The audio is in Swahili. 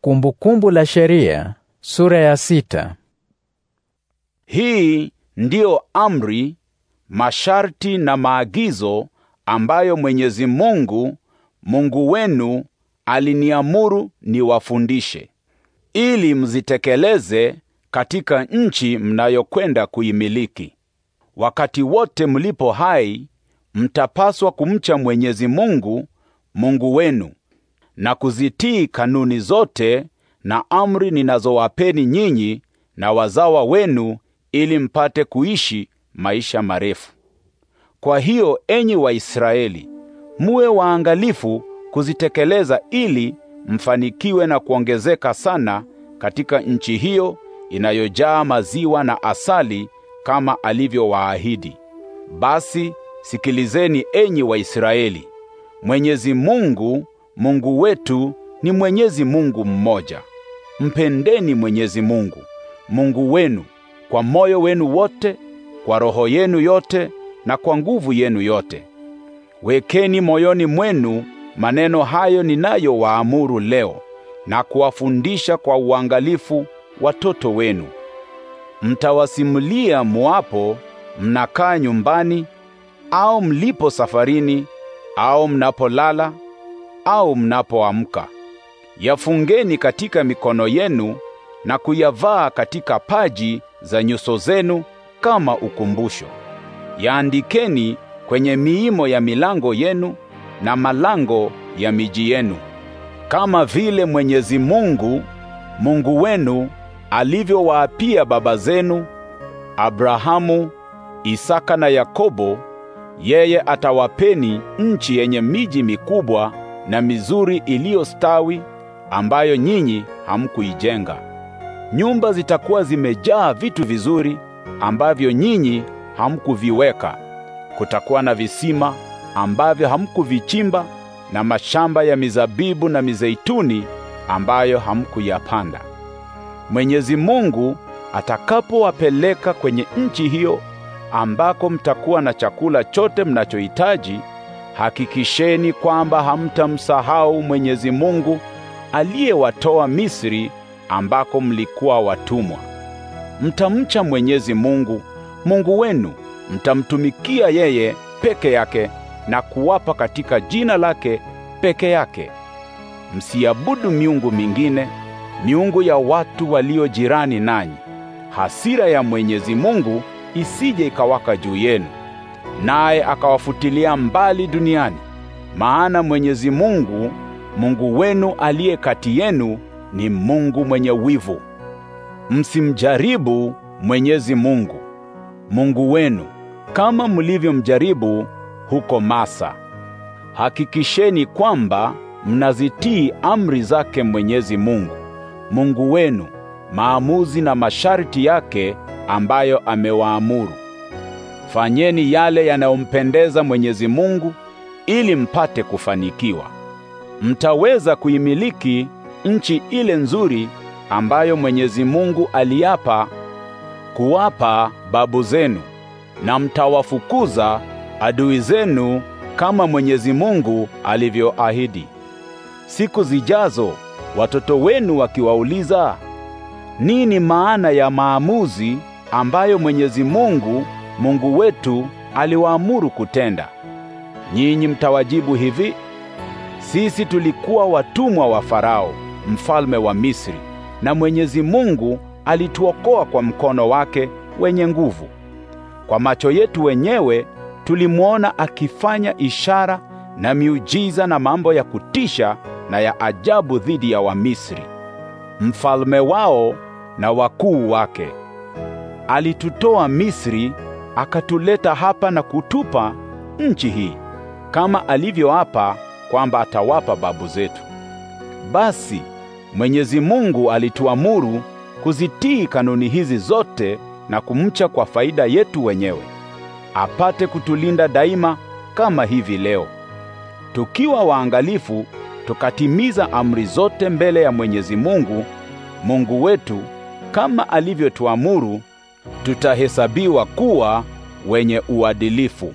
Kumbukumbu la Sheria sura ya sita. Hii ndiyo amri, masharti na maagizo ambayo Mwenyezi Mungu Mungu wenu aliniamuru niwafundishe ili mzitekeleze katika nchi mnayokwenda kuimiliki. Wakati wote mlipo hai, mtapaswa kumcha Mwenyezi Mungu Mungu wenu na kuzitii kanuni zote na amri ninazowapeni nyinyi na wazawa wenu ili mpate kuishi maisha marefu. Kwa hiyo, enyi Waisraeli, muwe waangalifu kuzitekeleza ili mfanikiwe na kuongezeka sana katika nchi hiyo inayojaa maziwa na asali kama alivyowaahidi. Basi sikilizeni enyi Waisraeli. Mwenyezi Mungu Mungu wetu ni Mwenyezi Mungu mmoja. Mpendeni Mwenyezi Mungu Mungu wenu kwa moyo wenu wote, kwa roho yenu yote na kwa nguvu yenu yote. Wekeni moyoni mwenu maneno hayo ninayowaamuru leo na kuwafundisha kwa uangalifu watoto wenu. Mtawasimulia muapo mnakaa nyumbani au mlipo safarini au mnapolala au mnapoamka. Yafungeni katika mikono yenu na kuyavaa katika paji za nyuso zenu kama ukumbusho. Yaandikeni kwenye miimo ya milango yenu na malango ya miji yenu, kama vile Mwenyezi Mungu Mungu wenu alivyowaapia baba zenu Abrahamu, Isaka na Yakobo, yeye atawapeni nchi yenye miji mikubwa na mizuri iliyostawi ambayo nyinyi hamkuijenga. Nyumba zitakuwa zimejaa vitu vizuri ambavyo nyinyi hamkuviweka. Kutakuwa na visima ambavyo hamkuvichimba na mashamba ya mizabibu na mizeituni ambayo hamkuyapanda. Mwenyezi Mungu atakapowapeleka kwenye nchi hiyo ambako mtakuwa na chakula chote mnachohitaji Hakikisheni kwamba hamtamsahau Mwenyezi Mungu aliyewatoa Misri ambako mlikuwa watumwa. Mtamcha Mwenyezi Mungu, Mungu wenu, mtamtumikia yeye peke yake na kuwapa katika jina lake peke yake. Msiabudu miungu mingine, miungu ya watu walio jirani nanyi. Hasira ya Mwenyezi Mungu isije ikawaka juu yenu naye akawafutilia mbali duniani. Maana Mwenyezi Mungu, Mungu wenu aliye kati yenu ni Mungu mwenye wivu. Msimjaribu Mwenyezi Mungu, Mungu wenu kama mlivyomjaribu huko Masa. Hakikisheni kwamba mnazitii amri zake Mwenyezi Mungu, Mungu wenu, maamuzi na masharti yake ambayo amewaamuru. Fanyeni yale yanayompendeza Mwenyezi Mungu ili mpate kufanikiwa. Mtaweza kuimiliki nchi ile nzuri ambayo Mwenyezi Mungu aliapa kuwapa babu zenu, na mtawafukuza adui zenu kama Mwenyezi Mungu alivyoahidi. Siku zijazo watoto wenu wakiwauliza, nini maana ya maamuzi ambayo Mwenyezi Mungu Mungu wetu aliwaamuru kutenda. Nyinyi mtawajibu hivi: sisi tulikuwa watumwa wa Farao, mfalme wa Misri, na Mwenyezi Mungu alituokoa kwa mkono wake wenye nguvu. Kwa macho yetu wenyewe tulimwona akifanya ishara na miujiza na mambo ya kutisha na ya ajabu dhidi ya Wamisri, mfalme wao na wakuu wake. Alitutoa Misri akatuleta hapa na kutupa nchi hii kama alivyoapa kwamba atawapa babu zetu. Basi Mwenyezi Mungu alituamuru kuzitii kanuni hizi zote na kumcha kwa faida yetu wenyewe, apate kutulinda daima kama hivi leo. Tukiwa waangalifu tukatimiza amri zote mbele ya Mwenyezi Mungu, Mungu wetu kama alivyotuamuru tutahesabiwa kuwa wenye uadilifu.